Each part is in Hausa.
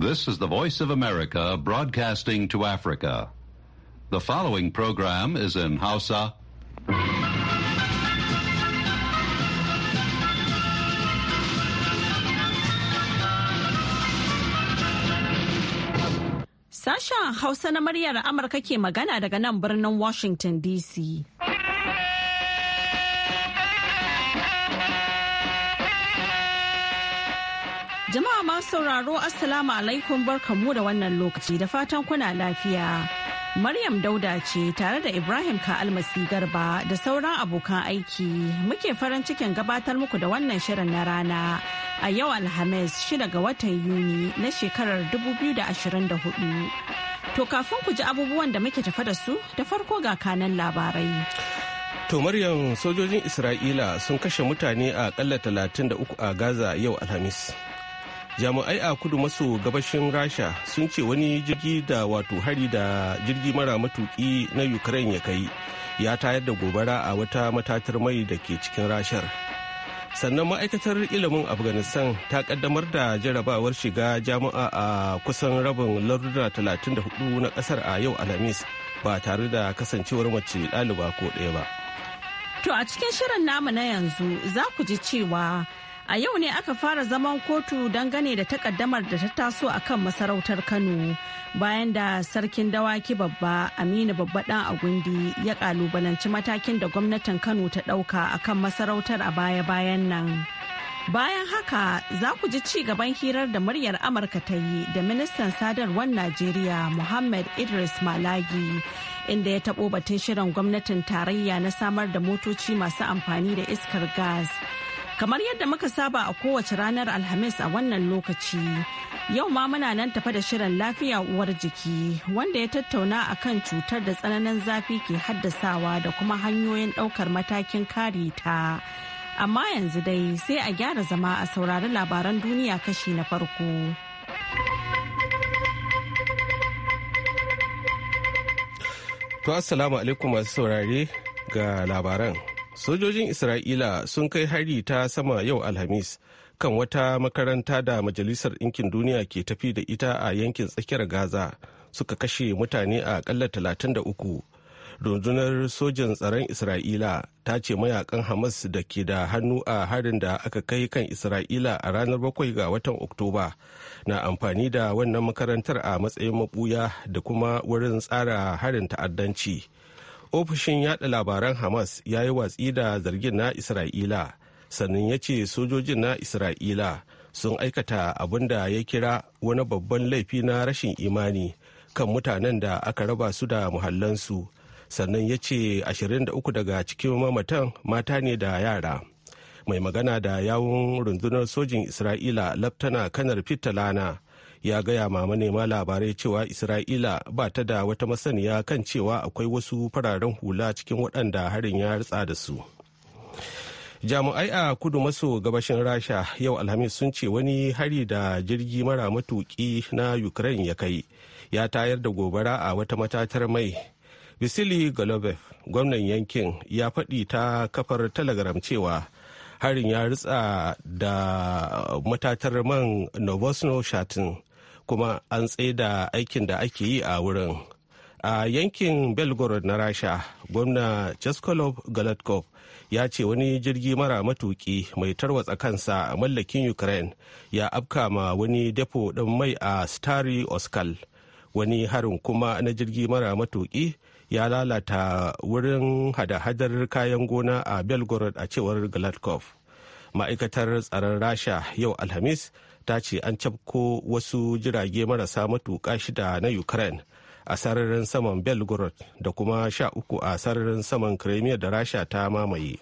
This is the Voice of America broadcasting to Africa. The following program is in Hausa. Sasha Hausa na muryar Amurka ke magana daga nan birnin Washington DC. sauraro Assalamu alaikum barkamu da wannan lokaci da fatan kuna lafiya. Maryam Dauda ce tare da Ibrahim Ka'almasi Garba da sauran abokan aiki muke farin cikin gabatar muku da wannan shirin na rana a yau Alhamis shida ga watan Yuni na shekarar 2024. To kafin ku ji abubuwan da muke tafa da su da farko ga kanan labarai. To Maryam sojojin Isra'ila sun kashe mutane a da uku a Gaza yau Alhamis. jami'ai a kudu maso gabashin rasha sun ce wani jirgi da wato hari da jirgi mara matuki na ukraine ya kai ya tayar da gobara a wata matatar mai da ke cikin rashar sannan ma'aikatar ilimin afghanistan ta kaddamar da jarabawar shiga jami'a a kusan rabin larura 34 na kasar a yau alhamis ba tare da kasancewar mace ɗaliba ko ɗaya ba to a cikin shirin namu na yanzu za ku ji cewa A yau ne aka fara zaman kotu dangane da takaddamar da ta taso a kan masarautar Kano bayan da sarkin dawaki babba Aminu babba dan Agundi ya kalubalanci matakin da gwamnatin Kano ta dauka a kan masarautar a baya-bayan nan. Bayan haka za ku ji ci gaban hirar da muryar Amurka ta yi da ministan sadarwar Najeriya Muhammad Idris Malagi inda ya taɓo batun shirin gwamnatin tarayya na samar da motoci masu amfani da iskar gas. Kamar yadda muka saba a kowace ranar Alhamis a wannan lokaci, yau ma muna nan tafa da shirin lafiya uwar jiki wanda ya tattauna a kan cutar da tsananin zafi ke haddasawa da kuma hanyoyin ɗaukar matakin kare ta. Amma yanzu dai sai a gyara zama a saurari labaran duniya kashi na farko. To assalamu alaikum masu saurare ga labaran. Sojojin Isra'ila sun kai hari ta sama yau Alhamis kan wata makaranta da Majalisar Ɗinkin Duniya ke tafi da ita a yankin tsakiyar Gaza suka kashe mutane a akalla 33. rundunar sojin tsaron isra'ila ta ce mayakan hamas da ke da hannu a harin da aka kai kan isra'ila a ranar bakwai ga watan oktoba na amfani da wannan makarantar a matsayin mabuya da kuma wurin tsara harin ta'addanci ofishin yada labaran hamas ya yi watsi da zargin na isra'ila sannan ya ce sojojin na isra'ila sun aikata abin da ya kira wani babban laifi na rashin imani kan mutanen da aka raba su da muhallansu sannan ya ce 23 daga cikin mamatan mata ne da yara mai magana da yawun rundunar sojin isra'ila laftana kanar fitalana ya gaya ma manema labarai cewa isra'ila ba ta da wata masaniya kan cewa akwai wasu fararen hula cikin waɗanda harin ya ritsa da su jami'ai a kudu maso gabashin rasha yau alhamis sun ce wani hari da jirgi mara matuki na ukraine ya kai ya tayar da gobara a wata matatar mai Vasily Golobev, gwamnan yankin, ya faɗi ta kafar Telegram cewa harin ya ritsa da matatar man Novosno Shatin kuma an tsaida aikin da ake yi a wurin a yankin belgorod na rasha gwamna cheskolov galatkov ya ce wani jirgi mara matuki mai tarwatsa kansa a mallakin ukraine ya afka ma wani depo ɗin mai a stari oskal wani harin kuma na jirgi mara matuki ya lalata wurin hada-hadar kayan gona a belgorod a cewar galatkov ma'aikatar tsaron rasha yau alhamis ta ce an cafko wasu jirage marasa matuƙa shida na ukraine a sararin saman belgorod da kuma sha uku a sararin saman crimea da rasha ta mamaye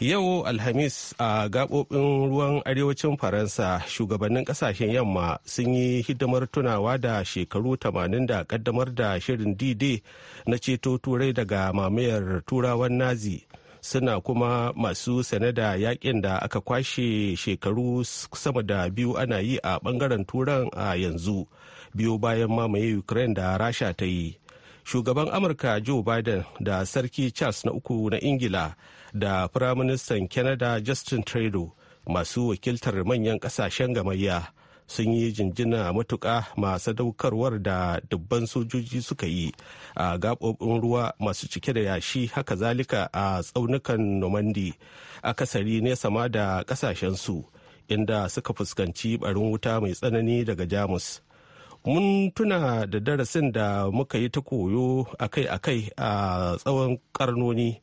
yau alhamis a gabobin ruwan arewacin faransa shugabannin kasashen yamma sun yi hidimar tunawa da shekaru 80 da kaddamar da shirin d na ceto turai daga mamayar turawan nazi suna kuma masu sane yakin da aka kwashe shekaru sama da biyu ana yi a bangaren turan a yanzu biyu bayan mamaye ukraine da rasha ta yi shugaban amurka joe biden da sarki charles na uku na ingila da firaministan canada justin trudeau masu wakiltar manyan kasashen gamayya sun yi jinjina matuƙa masu daukarwar da dubban sojoji suka yi a gaɓoɓin ruwa masu cike da yashi haka zalika a tsaunukan nomandi akasari nesa sama da ƙasashensu inda suka fuskanci barin wuta mai tsanani daga jamus mun tuna da darasin da muka yi ta koyo akai-akai a tsawon karnoni.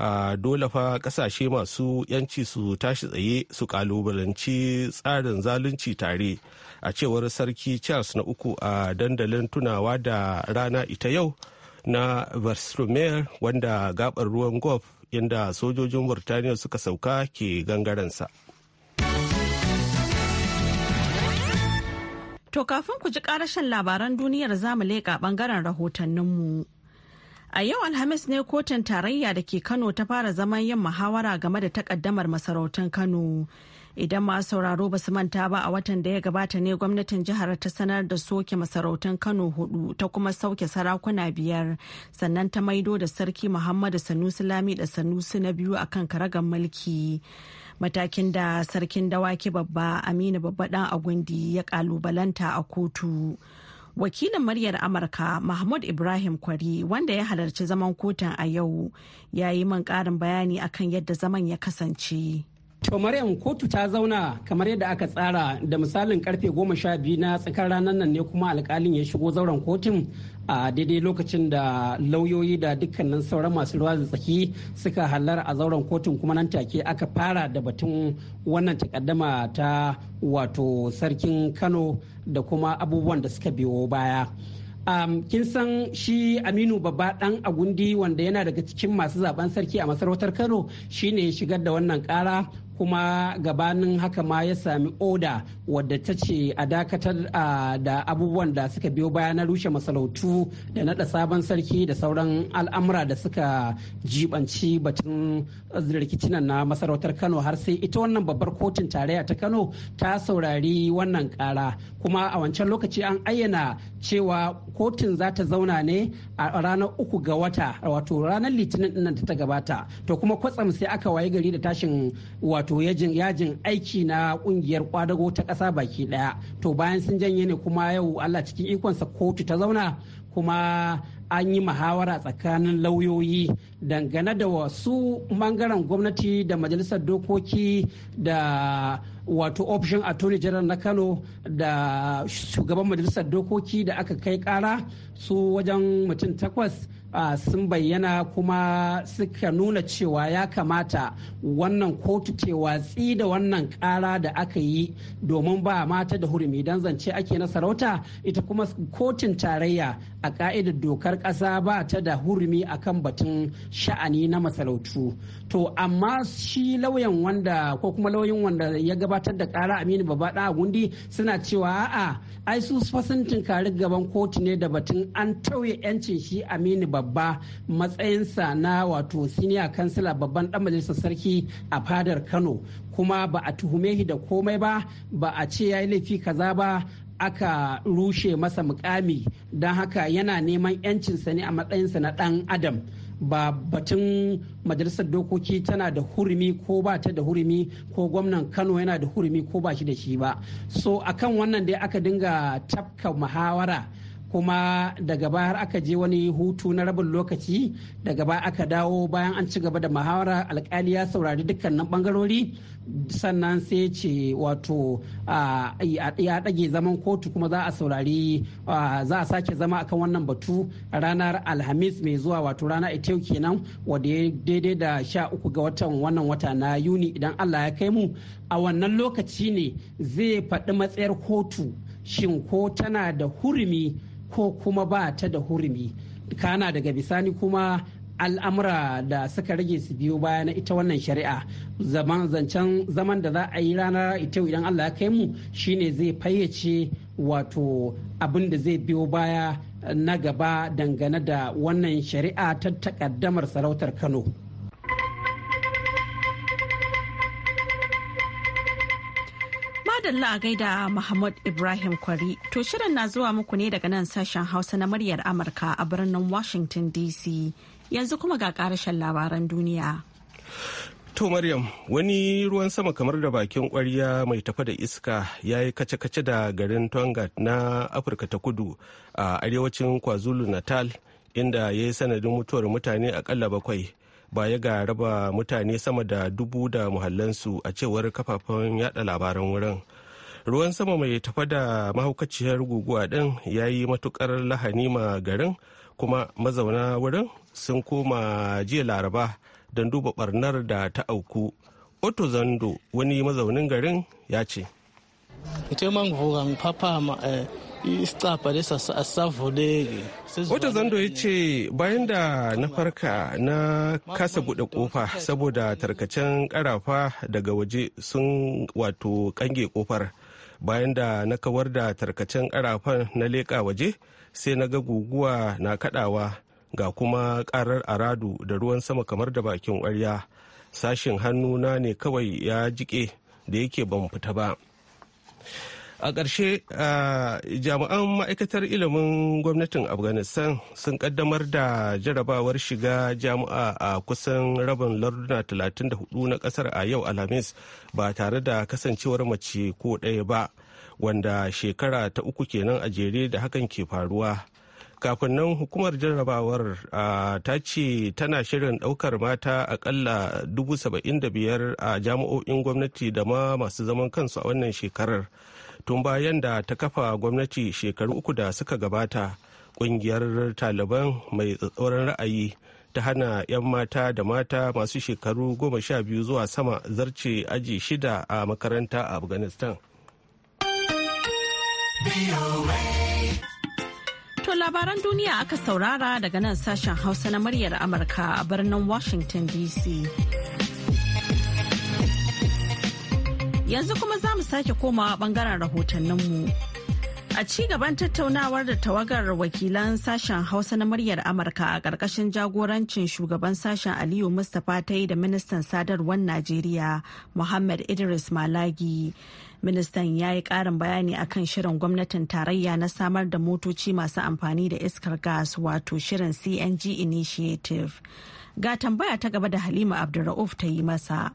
a dole fa kasashe masu yanci su tashi tsaye su kalubalanci tsarin zalunci tare a cewar sarki charles na uku a dandalin tunawa da rana ita yau na versailles wanda gabar ruwan golf inda sojojin burtaniya suka sauka ke gangaransa. To kafin ku ji karashin labaran duniyar zamu leƙa ɓangaren rahotanninmu. A yau Alhamis ne kotun tarayya da ke Kano ta fara zaman yin muhawara game da takaddamar masarautun Kano. Idan ma sauraro ba su manta ba a watan da ya gabata ne gwamnatin jihar ta sanar da soke masarautun Kano hudu ta kuma sauke sarakuna biyar sannan ta maido da sarki Muhammadu Sanusi Lami da Sanusi na biyu akan karagar mulki. Matakin da sarkin dawaki babba Aminu babba dan Agundi ya kalubalanta a kotu. wakilin muryar amurka mahmud ibrahim kwari wanda ya halarci zaman kotun a yau ya yi man karin bayani akan yadda zaman ya kasance To Maryam kotu ta zauna kamar yadda aka tsara da misalin karfe goma sha biyu na tsakar ranar nan ne kuma alkalin ya shigo zauren kotun a daidai lokacin da lauyoyi da dukkanin sauran masu ruwa da tsaki suka halar a zauren kotun kuma nan take aka fara da batun wannan takaddama ta wato sarkin Kano da kuma abubuwan da suka biyo baya. um, kin san shi aminu babba dan agundi wanda yana daga cikin masu zaben sarki a masarautar kano shine ya shigar da wannan kara kuma gabanin haka ma ya sami oda wadda ta ce a dakatar da abubuwan da suka biyo baya na rushe masarautu da naɗa sabon sarki da sauran al'amura da suka jibanci batun rikicinan na masarautar kano har sai ita wannan babbar kotun tarayya ta kano ta saurari wannan kara kuma a wancan lokaci an ayyana cewa kotun za ta zauna ne a ranar uku ga wata wato ranar litinin da ta gabata to kuma kwatsam sai aka waye gari da tashin wato wato yajin aiki na kungiyar kwadago ta kasa baki ɗaya to bayan sun janye ne kuma yau allah cikin ikonsa kotu ta zauna kuma an yi muhawara tsakanin lauyoyi dangane da wasu mangaren gwamnati da majalisar dokoki da wato option attorney general na kano da shugaban majalisar dokoki da aka kai kara su wajen mutum takwas sun bayyana kuma suka nuna cewa ya kamata wannan kotu ke watsi da wannan kara da aka yi domin ba mata da hurumi don zance ake na sarauta ita kuma kotun tarayya a ka'idar dokar ƙasa ba ta da hurumi kan batun sha'ani na masarautu to amma shi lauyan wanda ko kuma lauyin wanda ya gabatar da kara aminu babba da gundi suna cewa a'a ai su fa sun gaban kotu ne da batun an tauye 'yancin shi aminu babba matsayinsa na wato siniya kansila babban dan majalisar sarki a fadar kano kuma ba a tuhume shi da komai ba ba a ce ya yi laifi kaza ba aka rushe masa mukami don haka yana neman 'yancinsa ne a matsayinsa na dan adam ba batun majalisar dokoki tana da hurumi ko ba ta da hurumi ko gwamnan kano yana da hurumi ko ba shi da shi ba so akan wannan dai aka dinga tafka muhawara kuma daga baya har aka je wani hutu na rabin lokaci daga baya aka dawo bayan an ci gaba da muhawara alkali ya saurari dukkanin bangarori sannan sai ce wato ya dage zaman kotu kuma za a saurari za a sake zama akan wannan batu ranar alhamis mai zuwa wato rana ita yau kenan wadda ya daidai da sha uku ga watan wannan wata na yuni idan allah ya kai mu a wannan lokaci ne zai faɗi matsayar kotu shin ko tana da hurumi ko kuma ba ta da hurumi kana daga bisani kuma al'amura da suka rage su biyo baya na ita wannan shari'a zaman zancen zaman da za a yi ranar ita idan allah ya kai mu shine zai fayyace wato abin da zai biyo baya na gaba dangane da wannan shari'a ta takaddamar sarautar kano madalla a gaida Muhammad Ibrahim Kwari. To shirin na zuwa muku ne daga nan sashen Hausa na muryar Amurka a birnin Washington DC. Yanzu kuma ga karashen labaran duniya. To Maryam, wani ruwan sama kamar da bakin kwarya mai tafa da iska ya yi kace-kace da garin Tonga na Afirka ta kudu a arewacin KwaZulu-Natal inda ya yi sanadin mutuwar mutane akalla bakwai. baya ga raba mutane sama da dubu da muhallansu a cewar kafafen yada labaran wurin ruwan sama mai tafa da mahaukaciyar guguwa ɗin ya yi matukar lahani ma garin kuma mazauna wurin sun koma jiya laraba don duba barnar da ta auku otto zando wani mazaunin garin ya ce Wata eh, zando ya ce bayan da na farka na kasa buɗe ƙofa saboda tarkacen ƙarafa daga waje sun wato ƙange ƙofar. bayan da na kawar da tarkacen karafan na leƙa waje sai na ga guguwa na kadawa ga kuma karar aradu da ruwan sama kamar da bakin ƙwarya sashin hannuna ne kawai ya jike da yake ban fita ba a ƙarshe jami'an ma'aikatar ilimin gwamnatin afghanistan sun kaddamar da jarabawar shiga jami'a a kusan rabin larduna 34 na ƙasar a yau alhamis ba tare da kasancewar mace ko ɗaya ba wanda shekara ta uku kenan a jere da hakan ke faruwa kafin nan hukumar jarrabawar ta ce tana shirin ɗaukar mata akalla 75,000 a jami'o'in gwamnati da ma masu zaman kansu a wannan shekarar tun bayan da ta kafa gwamnati shekaru uku da suka gabata kungiyar taliban mai tsatsauran ra'ayi ta hana 'yan mata da mata masu shekaru goma sha biyu zuwa sama zarce aji shida a makaranta a afghanistan To labaran duniya aka saurara daga nan sashen hausa na muryar amurka a birnin washington dc Yanzu kuma za mu sake komawa bangaren mu. A ci gaban tattaunawar da tawagar wakilan sashen Hausa na muryar Amurka a ƙarƙashin jagorancin shugaban sashen Aliyu Mustapha ta yi da ministan sadarwar Najeriya Muhammad Idris Malagi. Ministan ya yi ƙarin bayani akan shirin gwamnatin tarayya na samar da motoci masu amfani da iskar gas wato shirin CNG Initiative. Ga tambaya ta gaba da Halima Abdulra'uf ta yi masa.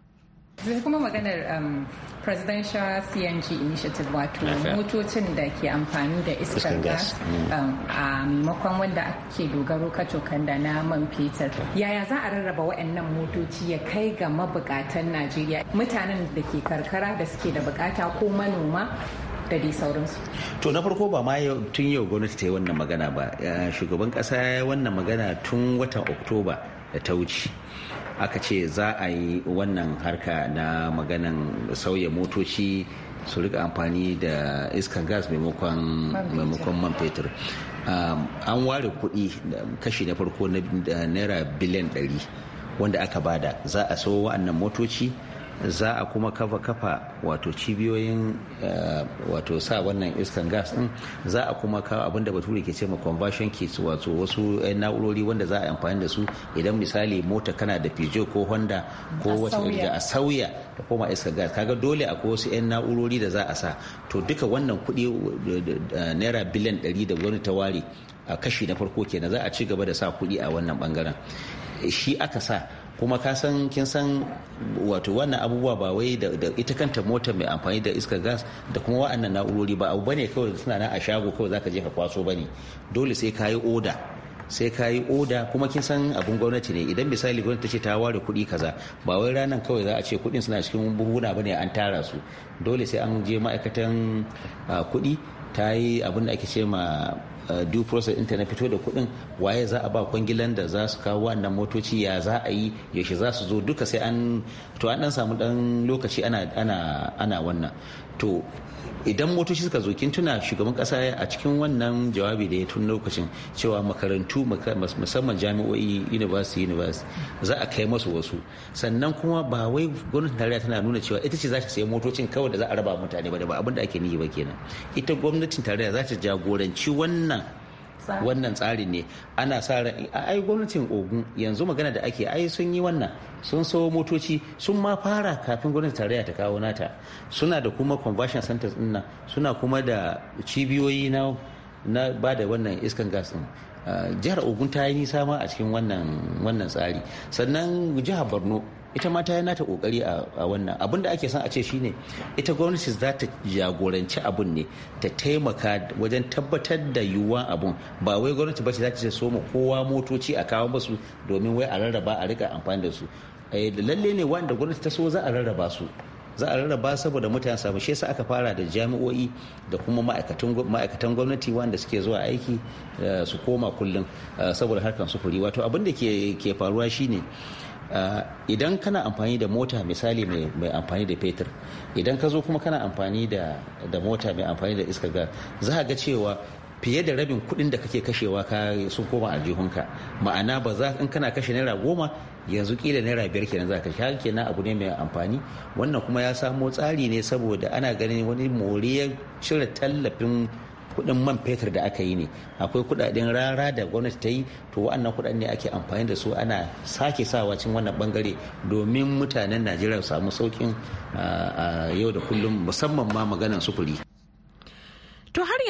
Zai kuma maganar um, presidential CNG initiative wato motocin da ke amfani da iskar gas um, a maimakon wanda ake dogaro kacokan da na man fetur yaya za a rarraba waɗannan motoci ya kai ga mabukatan najeriya mutanen da ke karkara da suke da bukata ko manoma da dai sauransu. To na farko ba ma tun yau gwamnati ta yi wannan magana ba. Shugaban kasa ya yi wannan magana tun watan Oktoba da ta wuce. aka ce za a yi wannan harka na maganan sauya motoci su rika amfani da iskan gas maimakon man fetur um, an ware kuɗi kashi na farko na naira biliyan 100 wanda aka bada za a so wa'annan motoci za a kuma kafa kafa wato cibiyoyin eh, wato sa wannan iskan gas din za a kuma kawo abinda bature ke ce ma conversion kits wato wasu eh, na'urori wanda za a amfani da su idan misali mota kana da pijo ko honda ko wata da a sauya ta koma iskan gas kaga dole akwai wasu 'yan na'urori da za a sa to duka wannan kuɗi eh, naira biliyan ɗari da wani ta ware a kashi na farko kenan za a ci gaba da sa kuɗi a wannan bangaren shi aka sa kuma ka san kin san wato wannan abubuwa ba wai da ita kanta mota mai amfani da iskar gas da kuma wa'annan na'urori ba abu bane kawai suna nan a shago kawai zaka je ka kwaso bane dole sai ka yi oda sai ka yi oda kuma kin san abun gwamnati ne idan misali gwamnati ta ce ta ware kuɗi kaza ba wai ranar kawai za a ce kuɗin suna cikin buhuna bane an tara su dole sai an je ma'aikatan ah, kuɗi ta yi abin da ake ce ma Eh, due process ɗinta na fito da kuɗin waye za a ba kwangilan da za su kawo wannan motoci ya za a yi yaushe za su zo duka sai an to an dan samu dan lokaci ana ana ana wannan to idan motoci suka zo kin tuna shugaban kasa a cikin wannan jawabi da ya tun lokacin cewa makarantu musamman jami'o'i university university za a kai masu wasu sannan kuma ba wai gwamnatin tarayya tana nuna cewa ita ce za ta sayi motocin kawai da za a raba mutane ba da ba abin da ake nihi ba kenan ita gwamnatin tarayya za ta jagoranci wannan wannan tsarin ne ana sa ran ai gwamnatin ogun yanzu magana da ake ai sun yi wannan sun sayo motoci sun ma fara kafin gwamnatin tarayya ta kawo nata suna da kuma conversion centers din nan suna kuma da cibiyoyi na na ba da wannan iskan gas din ah, jihar ogun ta yi nisa ma a cikin wannan wannan tsari sannan jihar borno ita ma ta yi nata kokari a wannan abin da ake son a ce shine ita gwamnati za ta jagoranci abun ne ta taimaka wajen tabbatar da yiwuwan abun ba wai gwamnati ba ce za ta ce so ma kowa motoci a kawo musu domin wai a rarraba a rika amfani da su eh, lalle ne wanda gwamnati ta so za a rarraba su za a rarraba saboda mutane samu shi yasa aka fara da jami'o'i da kuma ma'aikatan gwamnati wanda suke zuwa aiki eh, su koma kullum eh, saboda harkar sufuri wato abin da ke faruwa shine Eh, idan kana amfani da mota misali mai amfani da fetur idan ka zo kuma kana amfani da mota mai amfani da iskar gas za a ga cewa fiye da rabin kuɗin da kake kashewa ka sun koma aljihunka ma'ana ba za in kana kashe naira goma yanzu kila naira biyar kenan za ka haka kenan abu ne mai amfani wannan kuma ya samo tsari ne saboda ana ganin wani moriyar cire tallafin kudin man fetur da aka yi ne akwai kuɗaɗen rara da gwamnati ta yi to wa'annan kuɗaɗen ne ake amfani da su ana sake sawa cikin wannan bangare domin mutanen najeriya samu saukin ah, ah, yau da kullum musamman ma maganan sufuri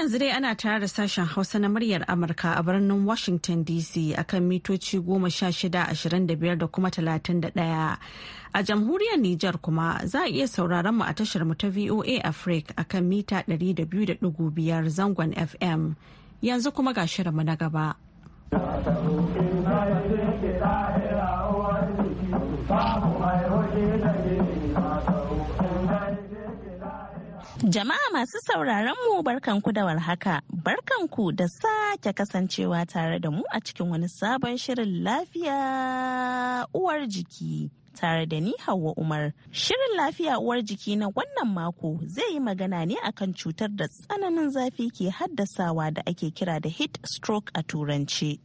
yanzu dai ana tare da sashen Hausa na muryar Amurka a birnin Washington DC akan mitoci goma sha shida ashirin da biyar da kuma talatin da ɗaya. A jamhuriyar Nijar kuma za a iya sauraron mu a tashar mu ta VOA Africa akan mita ɗari da biyu da biyar zangon FM. Yanzu kuma ga shirinmu na gaba. Jama'a masu sauraron mu barkanku da warhaka, barkanku da sake kasancewa tare da mu a cikin wani sabon shirin lafiya uwar jiki. Tare da ni Hauwa Umar, shirin lafiya uwar jiki na wannan mako zai yi magana ne akan cutar da tsananin zafi ke haddasawa da ake kira da heat stroke a turanci.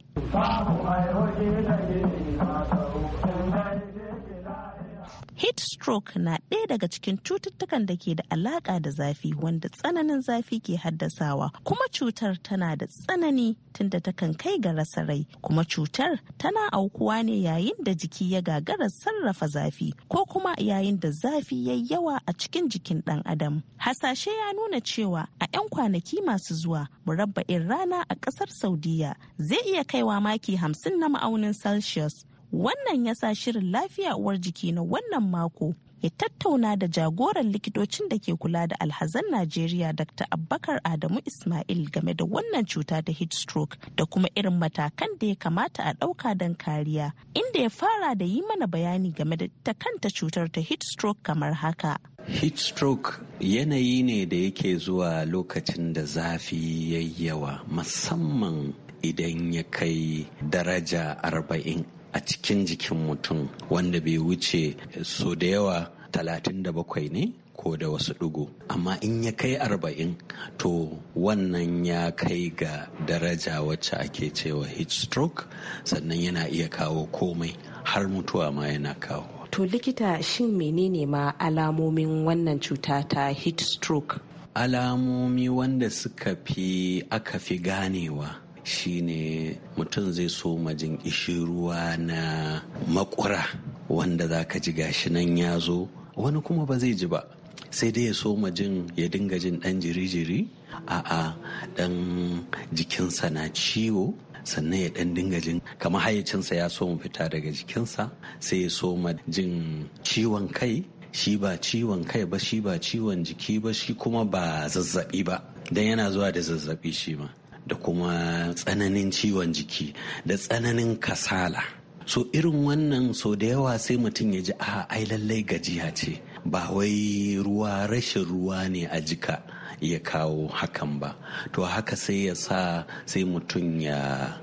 heat stroke na ɗaya daga cikin cututtukan da ke da alaƙa da zafi wanda tsananin zafi ke haddasawa kuma cutar tana da tsanani tunda ta kan kai ga rasa rai kuma cutar tana aukuwa ne yayin da jiki ya gagara sarrafa zafi ko kuma yayin da zafi ya yawa a cikin jikin ɗan adam hasashe ya nuna cewa a 'yan kwanaki masu zuwa murabba'in rana a ƙasar saudiya zai iya kaiwa maki hamsin na ma'aunin celsius Wannan ya sa shirin lafiya uwar jiki na wannan mako ya tattauna da jagoran likitocin da ke kula da alhazan Najeriya Dr. Abbakar Adamu Ismail game da wannan cuta ta heat stroke da kuma irin matakan da ya kamata a ɗauka don kariya, inda ya fara da yi mana bayani game da ta kanta cutar ta heat stroke kamar haka. Heat stroke yanayi ne da yake zuwa lokacin da zafi yayyawa musamman idan ya kai daraja arba'in. a cikin jikin mutum wanda bai wuce so da yawa talatin da bakwai ne ko da wasu ɗigo amma in ya kai arba'in to wannan ya kai ga daraja wacce ake cewa heat stroke sannan yana iya kawo komai har mutuwa ma yana kawo to likita shin menene ma alamomin wannan cuta ta heat stroke alamomi wanda suka fi aka fi ganewa shine mutum zai so majin ƙishi ruwa na makura wanda za ka ji gashi nan ya zo wani kuma ba zai ji ba sai dai ya so majin ya dinga jin ɗan jiri-jiri a'a ɗan jikinsa na ciwo sannan ya dan dinga jin kamar hayyacinsa ya so fita daga jikinsa sai ya so majin jin ciwon kai shi ba ciwon kai ba shi ba ciwon jiki ba shi kuma ba zazzabi ba dan yana zuwa da zazzabi shi ma da kuma tsananin ciwon jiki da tsananin kasala so irin wannan so da yawa sai mutum ya ji a ai lallai gajiya ce ba wai ruwa rashin ruwa ne a jika ya kawo hakan ba to haka sai ya sa sai mutum ya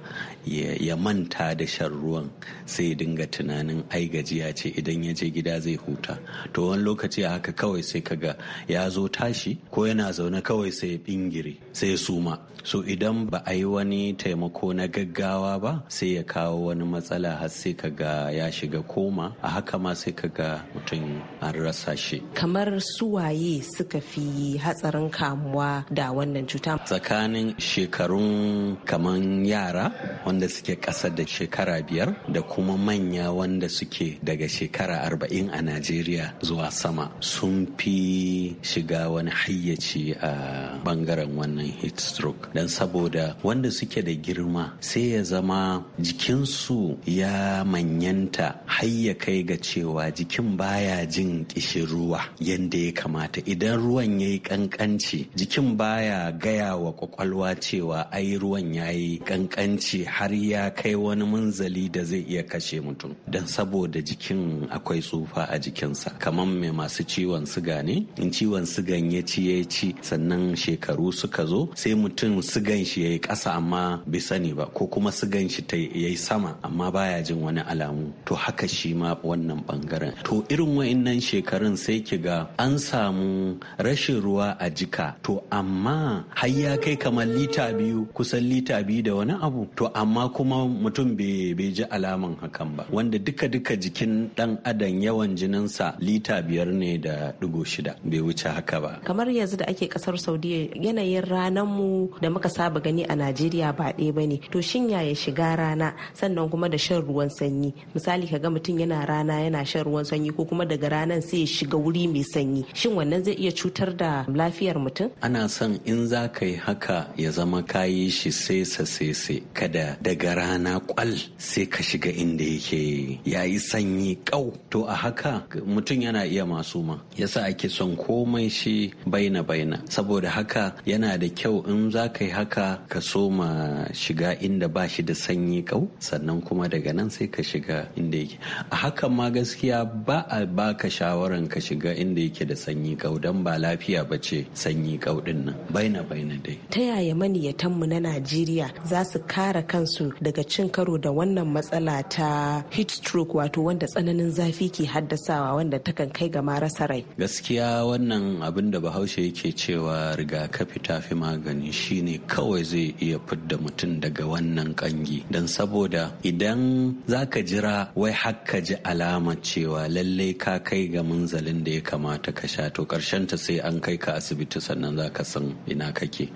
ya manta da shan ruwan sai dinga tunanin ai gajiya ce idan ya je gida zai huta to wani lokaci a haka kawai sai kaga ya zo tashi ko yana zaune kawai sai ya bingire sai ya suma so idan ba a yi wani taimako na gaggawa ba sai ya kawo wani matsala har sai kaga ya shiga koma a haka ma sai kaga mutum an rasa shi kamar suwaye suka fi hatsarin kamuwa da wannan cuta tsakanin shekarun kaman yara wanda suke kasa da shekara biyar da kuma manya wanda suke daga shekara arba'in a najeriya zuwa sama sun fi shiga wani hayyaci a bangaren wannan heat stroke don saboda wanda suke da girma sai ya zama jikinsu ya manyanta hayya kai ga cewa jikin baya jin kishin ruwa yadda ya kamata idan ruwan ya yi kankanci jikin baya gaya wa kwakwalwa cewa ai ruwan ya yi kankanci har ya kai wani munzali da zai iya kashe mutum don saboda jikin akwai tsufa a jikinsa kamar mai masu ciwon siga ne in ciwon sigan ya ci ya ci sannan shekaru suka zo sai mutum sigan shi ya yi ƙasa amma bai sani ba ko kuma sigan shi ta ya yi sama amma baya jin wani alamu to haka shi ma wannan bangaren to irin wa'innan shekarun sai ki ga an samu rashin ruwa a jika to amma har ya kai kamar lita biyu kusan lita biyu da wani abu to amma amma kuma mutum bai ji alaman hakan ba wanda duka duka jikin dan adam yawan jininsa lita biyar ne da digo shida bai wuce haka ba kamar yanzu da ake kasar saudiya yanayin ranar mu da muka saba gani a najeriya ba ɗaya ba ne to shin ya shiga rana sannan kuma da shan ruwan sanyi misali kaga mutum yana rana yana shan ruwan sanyi ko kuma daga ranar sai ya shiga wuri mai sanyi shin wannan zai iya cutar da lafiyar mutum ana son in za ka yi haka ya zama kayi shi sesa sese kada daga rana kwal sai ka shiga inda yake yayi sanyi kau to a haka mutum yana iya masu ma yasa ake son komai shi baina baina saboda haka yana da kyau in za ka yi haka ka soma shiga inda ba shi da sanyi kau sannan kuma daga nan sai ka shiga inda yake a haka ma gaskiya ba a baka shawaran ka shiga inda yake da sanyi kau don ba lafiya ba ce sanyi kau din nan baina baina dai ta yaya maniyatan mu na Najeriya za su kare kan kansu daga cin karo da wannan matsala ta heat stroke wato wanda tsananin zafi ke haddasawa wanda takan kai ga rasa rai gaskiya wannan abin da bahaushe yake cewa rigakafi ta fi magani shine kawai zai iya fidda mutum daga wannan kangi don saboda idan zaka jira wai hakka ji alama cewa lallai ka kai ga munzalin da ya kamata ka sha to ta sai an kai ka asibiti sannan zaka san ina kake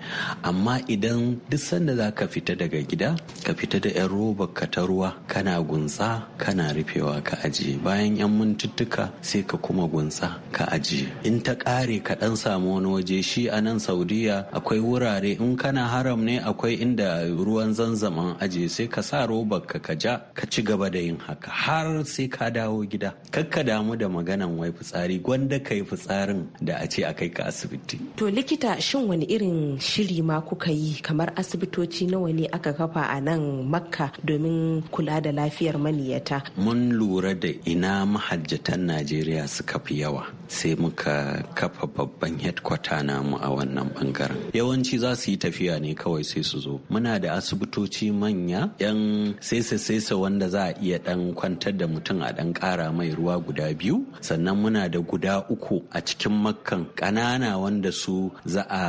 amma idan duk sanda za ka fita daga gida ka fita da 'yan roba ka ta ruwa kana gunsa kana rufewa ka ajiye bayan 'yan mintuttuka sai ka kuma gunsa ka ajiye in ta kare ka dan samu wani waje shi a nan saudiya akwai wurare in kana haram ne akwai inda ruwan zanzaman ajiye sai ka sa robar ka ka ja ka ci gaba da yin haka har sai ka dawo gida kakka damu da maganan wai fitsari gwanda ka yi fitsarin da a ce a kai ka asibiti to likita shin wani irin shiri ma kuka yi kamar asibitoci nawa ne aka kafa a nan nan makka domin kula da lafiyar maniyata mun lura da ina mahajjatan najeriya suka fi yawa sai muka kafa babban headquarter namu a wannan bangaren yawanci za su yi tafiya ne kawai sai su zo muna da asibitoci manya yan sesa sesa wanda za a iya dan kwantar da mutum a dan kara mai ruwa guda biyu sannan muna da guda uku a cikin makkan ƙanana wanda su za a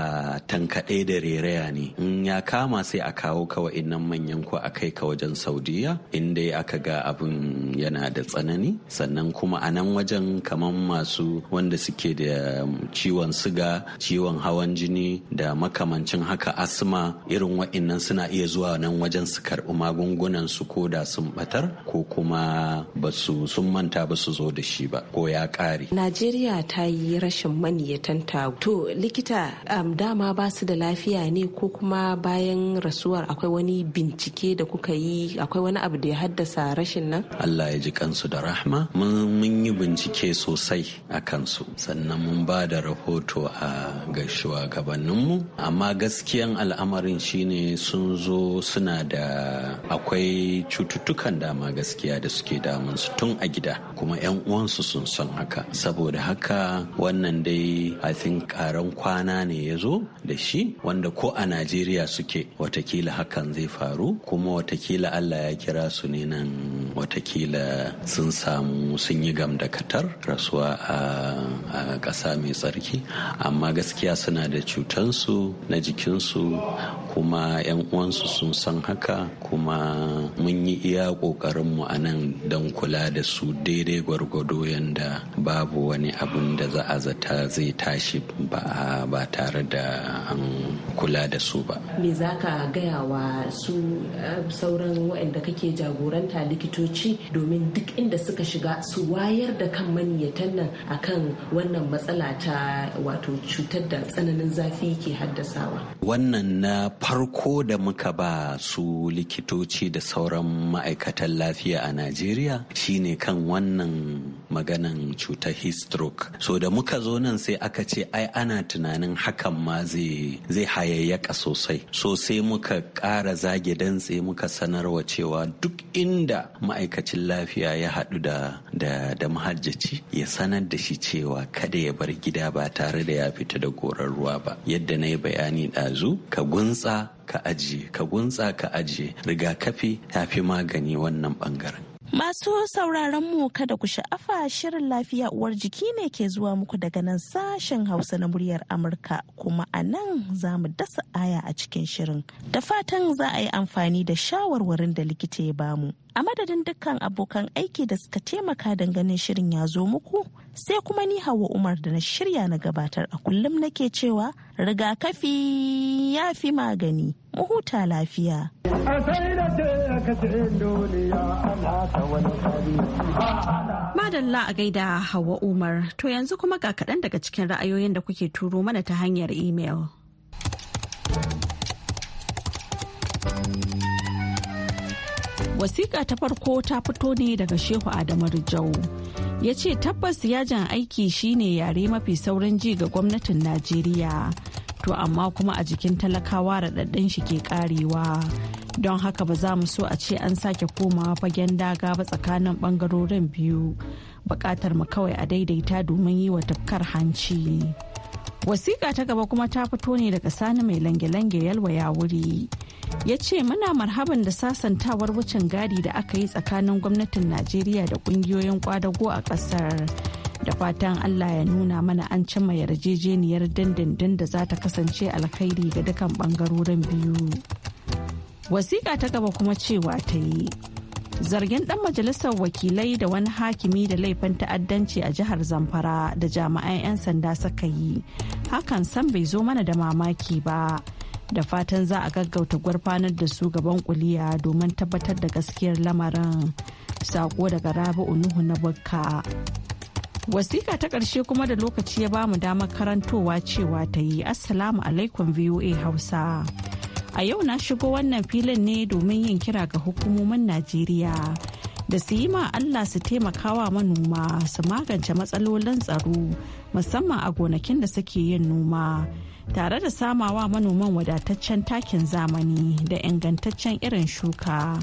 tankaɗe da reraya ne in ya kama sai a kawo kawai nan manya manyan ku a kai ka wajen saudiya inda aka ga abin yana da tsanani sannan kuma a nan wajen kamar masu wanda suke da um, ciwon siga ciwon hawan jini da makamancin haka asma irin wa'innan suna iya zuwa nan wajen su karɓi magungunan su ko da sun batar ko kuma basu su sun manta ba su zo da shi ba ko ya ƙare. najeriya ta yi rashin maniyatanta to likita um, dama ba su da lafiya ne ko kuma bayan rasuwar akwai wani bincike bincike da kuka yi akwai wani abu da ya haddasa rashin nan Allah ya ji kansu da rahma mun yi bincike sosai a kansu sannan mun ba da rahoto a ga shugabanninmu amma gaskiyan al'amarin shine sun zo suna da akwai cututtukan dama gaskiya da suke damunsu tun a gida kuma 'yan uwansu sun san haka saboda haka wannan dai i think karan kwana ne ya zo da shi wanda ko a najeriya suke watakila hakan zai faru kuma watakila Allah ya kira su ne nan watakila sun samu sun yi gam da katar rasuwa a ƙasa mai tsarki amma gaskiya suna da cutansu na jikinsu kuma 'yan uwansu sun san haka kuma mun yi iya ƙoƙarinmu a nan don kula da su daidai gwargwado yadda babu wani abun da za a zata zai tashi ba tare da an kula da su ba. Me za ka gaya wa su Eh, sauran waɗanda kake jagoranta likitoci domin duk inda suka shiga su wayar da kan maniyatan nan akan wannan matsala ta wato cutar da tsananin zafi ke haddasawa wannan na farko da muka ba su likitoci da sauran ma'aikatan lafiya a najeriya shine kan wannan maganan cutar stroke so da muka zo nan sai aka ce ai ana tunanin hakan ma zai hayayyaka sosai so sai muka ƙara zage dan sai muka sanarwa cewa duk inda ma'aikacin lafiya ya haɗu da da mahajjaci ya sanar da shi cewa kada ya bar gida ba tare da ya fita da korar ruwa ba yadda na yi bayani ɗazu ka gunsa ka ajiye ka gunsa ka ajiye rigakafi ya fi magani wannan bangaren Masu sauraron mu kada ku sha'afa shirin lafiya uwar jiki ne ke zuwa muku daga nan sashen Hausa na muryar Amurka kuma a nan za mu dasa aya a cikin shirin. Da fatan za a yi amfani da shawarwarin da likita ya bamu. a madadin dukkan abokan aiki da suka taimaka ganin shirin ya zo muku sai kuma ni hawa umar da na shirya na gabatar a kullum nake cewa rigakafi ya fi magani mu huta lafiya madalla a gaida hawa umar to yanzu kuma ga kaɗan daga cikin ra'ayoyin da kuke turo mana ta hanyar imel. Wasiƙa ta farko ta fito ne daga Shehu Adamu jau Ya ce tabbas yajin aiki shine yare mafi saurin ji ga gwamnatin Najeriya. To amma kuma a jikin talakawa raɗaɗɗin shi ke ƙarewa. Don haka ba za mu so a ce an sake komawa fagen daga ba tsakanin ɓangarorin biyu. Buƙatar mu kawai a daidaita domin yi wa tafkar hanci. wasiƙa ta gaba kuma ta fito ne daga sani mai lange-lange yalwa ya wuri ya ce muna marhaban da sasantawar wucin gadi da aka yi tsakanin gwamnatin najeriya da ƙungiyoyin kwadago a ƙasar da fatan allah ya nuna mana an cimma yarjejeniyar dindindin da za ta kasance alkhairi ga dukkan ɓangarorin biyu wasiƙa ta gaba kuma cewa ta yi zargin dan majalisar wakilai da wani hakimi da laifin ta'addanci a jihar zamfara da jami'an 'yan sanda suka yi hakan san bai zo mana da mamaki ba da fatan za a gaggauta gurfanar da su gaban kuliya domin tabbatar da gaskiyar lamarin sako daga rabi'u nuhu na bukka wasiƙa ta ƙarshe kuma da lokaci ya bamu damar karantowa cewa ta yi assalamu alaikum voa hausa A yau na shigo wannan filin ne domin yin kira ga hukumomin Najeriya da su yi ma Allah su taimaka wa manoma su magance matsalolin tsaro musamman a gonakin da suke yin noma tare da samawa manoman wadataccen takin zamani da ingantaccen irin shuka.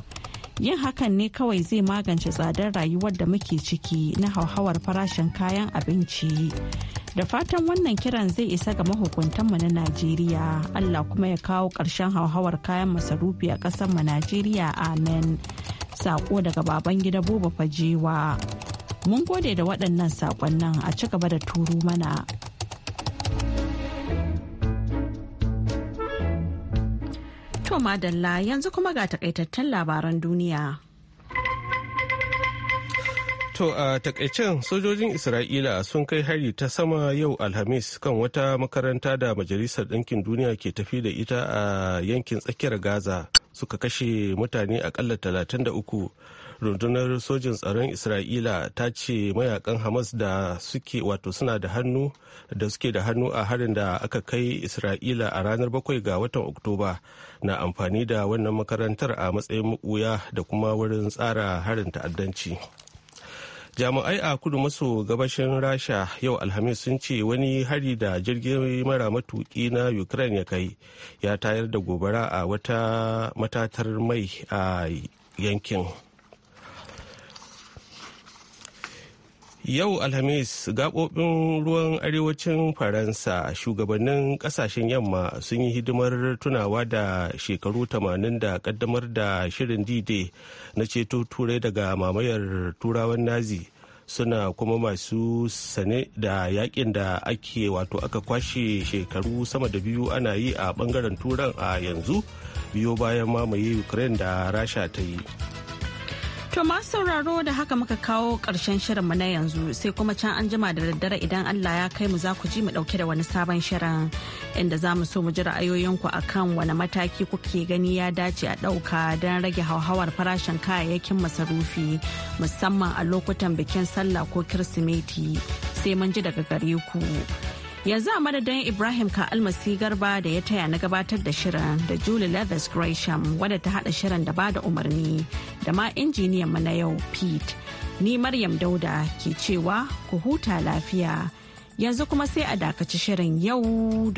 Yin hakan ne kawai zai magance tsadar rayuwar da muke ciki na hauhawar farashin kayan abinci. da fatan wannan kiran zai isa ga mahukuntan mahukuntanmu na najeriya allah kuma ya kawo ƙarshen hauhawar kayan masarufi a mu najeriya amen sako daga baban gida boba fajewa mun gode da waɗannan saƙonnan a ci gaba da turu mana to madalla yanzu kuma ga takaitattun labaran duniya To a takaicen sojojin Isra'ila sun kai hari ta sama yau Alhamis kan wata makaranta da Majalisar Ɗinkin Duniya ke tafi da ita a yankin tsakiyar Gaza suka kashe mutane akalla 33. Rundunar sojin tsaron Isra'ila ta ce mayakan Hamas da suke wato suna da hannu da suke da hannu a harin da aka kai Isra'ila a ranar 7 ga watan Oktoba na amfani da wannan makarantar a matsayin maɓuya da kuma wurin tsara harin ta'addanci. jami'ai a kudu maso gabashin rasha yau alhamis sun ce wani hari da jirgin mara matuki na ukraine ya kai ya tayar da gobara a wata matatar mai a yankin Yau Alhamis gaɓoɓin ruwan arewacin Faransa shugabannin ƙasashen yamma sun yi hidimar tunawa da shekaru 80 da ƙaddamar da shirin dide na ceto turai daga mamayar turawan nazi suna kuma masu sane da yakin da ake wato aka kwashe shekaru sama da biyu ana yi a ɓangaren turan a yanzu biyo bayan mamaye Ukraine da Rasha ta yi. To masu sauraro da haka muka kawo ƙarshen shirinmu na yanzu sai kuma can an jima da daddare idan Allah ya kai mu za ku ji mu ɗauke da wani sabon shirin inda za mu so mu ji ra'ayoyinku a kan wani mataki kuke gani ya dace a ɗauka don rage hauhawar farashin kayayyakin masarufi musamman a lokutan bikin sallah ko kirsimeti sai mun ji daga gare ku. yanzu a madadin ibrahim ka almasi garba da ya taya na gabatar da shirin da julie leathers gresham wadda ta hada shirin da ba da umarni da ma injiniyan mu na yau pete ni maryam dauda ke cewa ku huta lafiya yanzu kuma sai a dakaci shirin yau da